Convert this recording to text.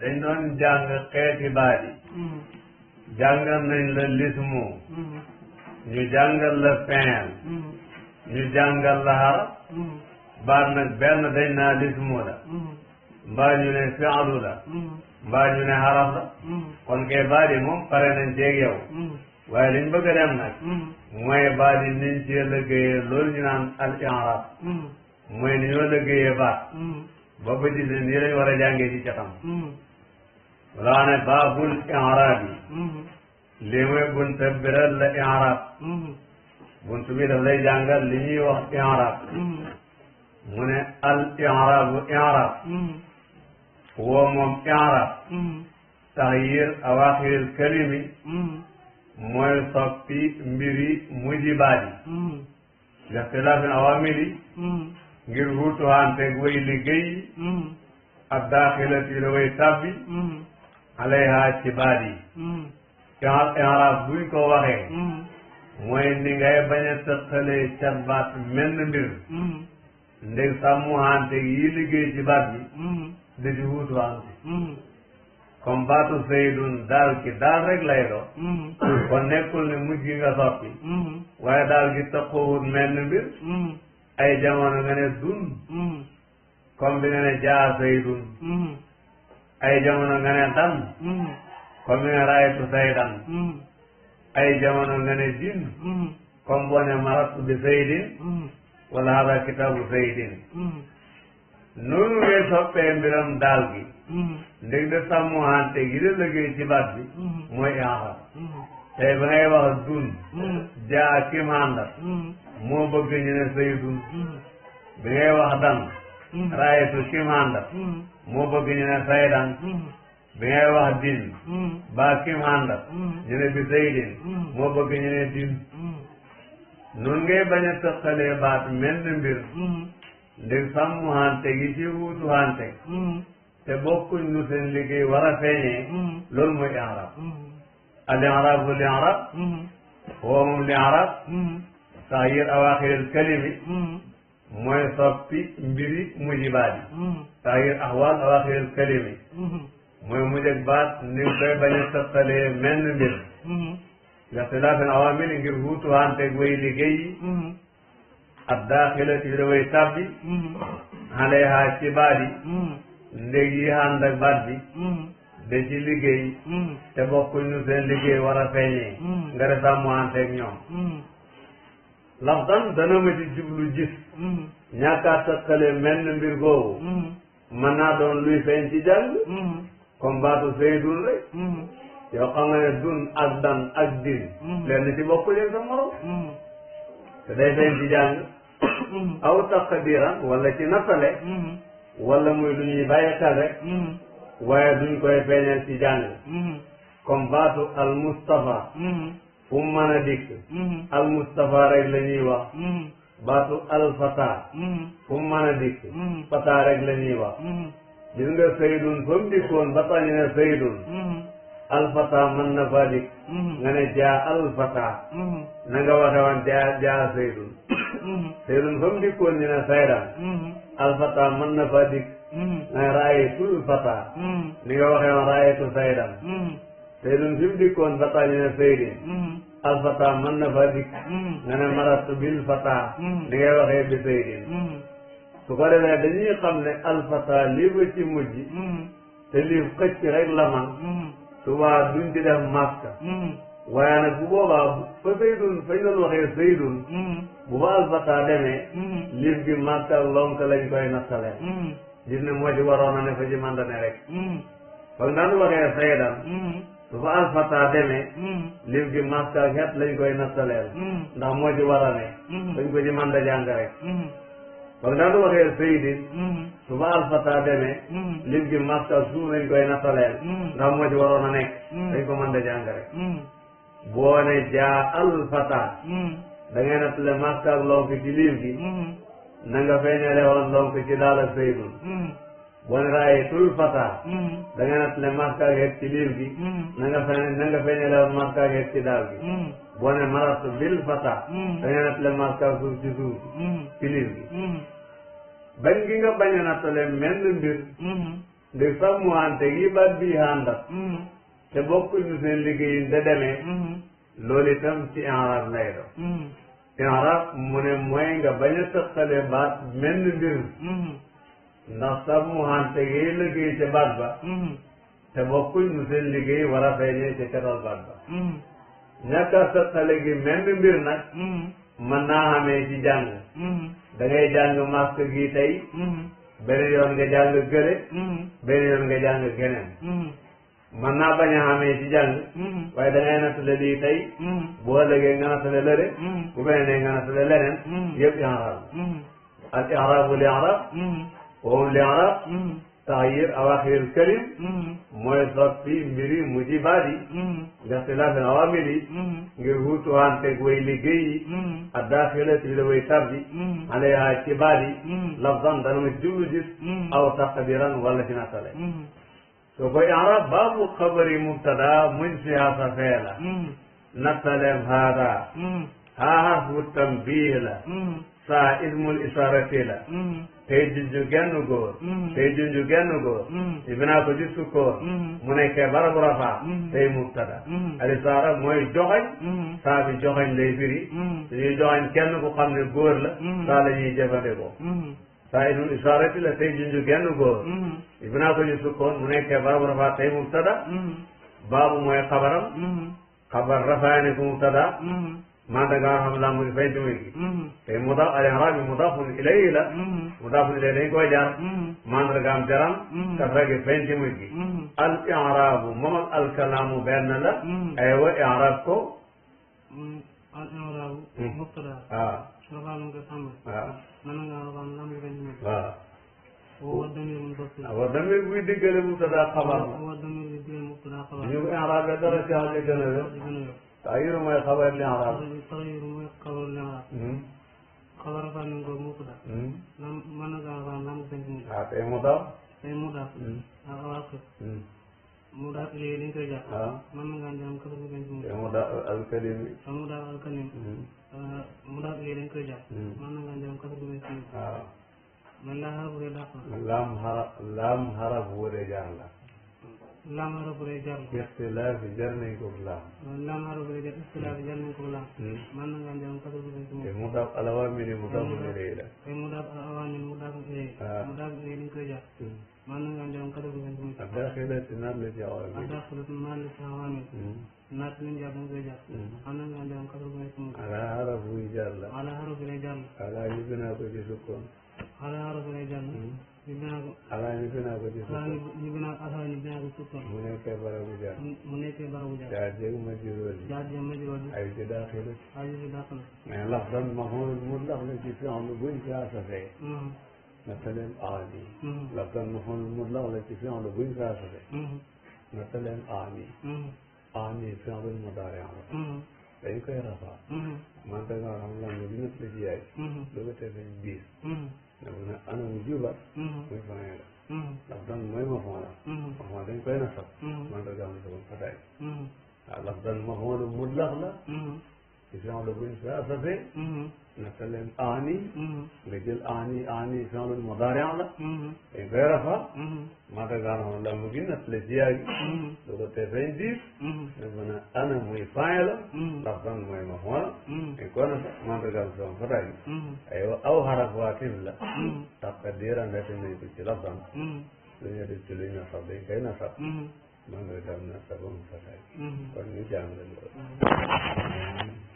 dañ doon jàng xeeti baat yi mm-hmm. jàngal nañ la lismu mm-hmm. ñu jàngal la fi'l mm-hmm. ñu jàngal la harf baat nag benn dañ naa lismu la mbaa ñu ne fi'lu la mbaa ñu ne la kon kay baat moom pare nañ ceeg yow waaye liñ bëgg a dem nag mooy baat yi niñ cee lëggéeyee loolu ñu naan al i'raab mooy ni ñoo lëggéeyee baat ba ba di ne nii lañ war a jàngee ci catam wala ne baabul i'raab yi lii mooy bunta biral la i'raab buntu bi daf lay jàngal li ñuy wax i'raab mu mm-hmm. ne al i'raabu i'raab mm-hmm. woo moom i'raab mm-hmm. taxyir awaaxiril kalimi mooy soppi mbiri mujibaat yi li ixtilaafin awaamili ngir wuutuwaanteeg way liggéey ak daaxilati la way tabbi alayha ci baat yi arab buñ ko waxee mooy ni ngay bañ a tëqalee baat menn mbir ndég sàmmuhante yi liggéey ci baat bi da ci wuutuwante comme baatu saydun daal ki daal rek lay do kon nekkul ne mujj gi nga soppi waaye daal gi tëqoowut menn mbir ay jamono nga ne dun comme bi nga ne jaa saydun ay jamono nga ne dan mm. comme ne raaytu saydan mm. ay jamono nga ne jin comme boo ne maratu bi saydin mm. wala hada kitaabu saydin noonu ngay soppee mbiram daal gi ndég de sàmmohante gi de lëggéey ci baat bi mooy ixaar tey ba ngay wax dun jaa kim àndal moo bëgg ñu ne saydun bi ngay wax dan raaytu kim àndal moo bëgg ñu ne saydan bi ngay wax din baa kim ànda ñu bi saydin moo bëgg ñu ne din nun ngay bañ a tëqalee baat mel ni mbir hmm. ndig sàmm hante gi ci wuutu hante hmm. te bokkuñ nu seen liggéey war a feeñee hmm. mooy i'raab al i'raabu li i'raab huwa moom kalimi mooy soppi mbiri mujj baat yi mm-hmm. taxir ahwaal awaaxiril kalimi mm-hmm. mooy mujj ak baat ni nga koy bañ a sottalee menn mbir yaxtilaafin mm-hmm. awaamil ngir huutuwaanteeg way liggéey yi ak daaxilati da way tàbbi xaleexaa ci baat yi ndég yi ànd ak baat bi da ci liggéey te bokkuñu seen liggéey war a feeñee nga def sàmmuwaanteeg ñoom laftan dana ma ci jublu gis mm-hmm. ñàkk a taqale menn mbir googu mm-hmm. mën naa doon luy feeñ ci jàng comme baatu Seydun dun ak dan ak din mm-hmm. lenn ci bokk leen sa morom te day feeñ ci jàng aw taqdiran wala ci nattale muy lu ñuy bàyyi xel rek duñ koy feeñal ci jàng al Mustafa fu a dikk mm-hmm. al Mustafa rek la wa wax mm-hmm. baatu al Fata mm-hmm. fu a dikk Fata rek la ñuy wax gis nga saydun fa mu dikkoon ba tax al Fata mën na faa nga ne jaa al Fata na waxe woon jaa jaa saydun saydun fa mu dikkoon ñu ne al Fata mën na faa nga ne raayatul Fata ni waxe woon raayatul saydan Seydun fi mu dikkoon Fata ñu ne Seydin. Mm-hmm. alfata mën na faa dikk. Mm-hmm. nga ne marastu bil fata. Mm-hmm. ni ngay waxee bi Seydin. su ko defee dañuy xam ne alfata lii ba ci mujj. te lii xëcc rek la man. subaa duñ def maska. waaye nag bu boobaa fa Seydun fañ doon waxee Seydun. bu fa alfata demee. liif gi maska lonk lañ koy nattalee. gis ne moo ci waroon a ne fa ji manda rek. foog daan waxee Seydan. su fa alfata demee hmm. lim bi maska xeet lañ koy nattaleel hmm. ndax moo ci a ne hmm. dañ ko ci mën da jàng rek ba nga daan waxee sayidin su fa alfata demee lim bi maska suuf lañ koy nattaleel ndax moo ci waroon a nekk dañ ko mën alfata da ngay nattale maska ak ci lim gi na nga feeñale woon lonk ci daal ak sayidun boo hmm. ne hmm. hmm. raayatul fata da nga nattale maska geeg ci liir gi na nga feeñ na nga feeñale maska gi boo ne bil fata da nga nattale maska suuf ci suuf ci gi bañ gi nga bañ a nattale menn mbir ndi sax mu gi baat bii àndat te bokkuñu seen liggéeyin da demee loolu itam ci enrab lay doon mu ne mooy nga bañ a tëqale baat menn mbir ndax sa mu hante ngay liggéey ca baat ba mm-hmm. te bokkuñ mu seen liggéey war a feeñee ca ketal baat ba mm-hmm. ñàkk a settale gi menn mbir nag mm-hmm. mën naa xamee ci jàng da ngay jàng masque gi tey benn yoon nga jàng gële benn yoon nga jàng geneen mën naa bañ a xamee ci jàng waaye da ngay nattale lii tey bu ëllëgee nga nattale lële bu beneen nga nattale leneen yëpp ihraab al ihraabul ihraab وهو اللي عرف الكريم أواخر الكلم موظف في مري مجيبادي لاختلاف العوامل جرهوت توان تقوي لجي الداخلة لوي تبدي عليها اعتباري لفظا دلم الجوجس أو تقديرا ولا ناسالي سوف إعراب باب خبري مبتدا من سياسة فعلا نسلم هذا haa harfu tanbiih la mm. saa ismul isarati la tey junju genn góor tey junju mm. genn góor ibnaa ko ci sukkoor mu nekkee barabu rafaa tey mubtada al isaara mooy joxañ saa bi joxañ lay firi dañuy joxañ kenn ku xam ne góor la saa la ñuy jëfandikoo saa ismul isarati la tey junju genn góor ibnaa ko ci sukkoor mu nekkee barabu rafaa tey mubtada baabu mooy xabaram mm. xabar rafaani ku mubtada maa dangaa xam laa muy fay tamit. te mudaaf al i'raab mudaafun ilayhi la. mudaafun ilayhi dañ koy jaar. maa dangaam jaram. kasra gi fay tamit. al i'raabu moom ak al kalaamu benn la. aywa i'raab ko. al i'raabu. mubtada. waaw. waaw. waaw. wa damir muttasil. wa damir buy diggale mubtada xabar la. wa damir buy diggale mubtada xabar la. ñu ko i'raab dara ci gën a taayiru mooy xabar li arab taayiru mooy xabar li arab xabar fa ni ko mu kuda lam man ga fa lam sen mu da te mu da te mu da a wax mu da li ni ko ja man ga ndam ko ko ben mu mu da al kalim mu da al kalim mu da li ni ko ja man ga ndam ko ko ben mu man la ha bu da man lam hara lam hara bu da jalla laam arabu lay jar. ixtilaaf jar nañ ko laam. laam arabu lay jar ixtilaaf jar nañ ko laam. Hmm. man na ngaa dem kàddu gi. te mu daaf alawaamini mu daaf ilayhi la. te mu daaf alawaamini mu daaf ilayhi. Ah. mu daaf ilayhi dañ koy jar. Hmm. man na ngaa dem kàddu gi. addaxilati naat la ci awaamini. addaxilati naat la ci awaamini. Hmm. naat lañ jar dañ koy jar. man na ngaa dem kàddu gi. ala arabu jar la. ala arabu lay jar la. ala yóbbu naa ko ci sukkoon. ala arabu lay jar la. dinaa ko. alaañu dinaa ko gis. alaañu dinaa alaañu dinaa ko suutoon. mu nekkee barabu jaar. mu nekkee barabu jaar. jaar jéeg ma juróoli. jaar jéeg ma juróoli. ay ci daaxil. ay ci daaxil. mais lax dan ma xool mu lax la ci fi mm-hmm. mm-hmm. mm-hmm. xam ne buñ saa safee. مثلا أعني لكن مفهوم المطلق التي في عمل بين فاسدة مثلا أعني أعني في عمل المضارع فإن كان رفع ما تقول عمل المدينة التي جاءت لغة بيس ne ko ne anam juba mm-hmm. muy fanweer mm-hmm. ndax dan mooy mafon la mm-hmm. mafon dañ koy nasab man da gam doon fataay waaw ndax dan mafon la mu lax la fi'lu buñ saafase naka leen aani nga jël aani aani fi'lu mudaari la dañ koy rafa maatagaan la mu gi nat le jiyaa gi lu ko tee fañ diif ne mën a ana muy faañ la ndax fan mooy ma xoola dañ ko nata maatagaan soom fata gi aywa aw xarakwaatin la taqdiran rek nañ ko ci lafdan lu ñu def ci lu ñu nasab dañ koy nasab mm-hmm. maatagaan nasabam fata gi mm-hmm. kon ñu jàng loolu mm-hmm.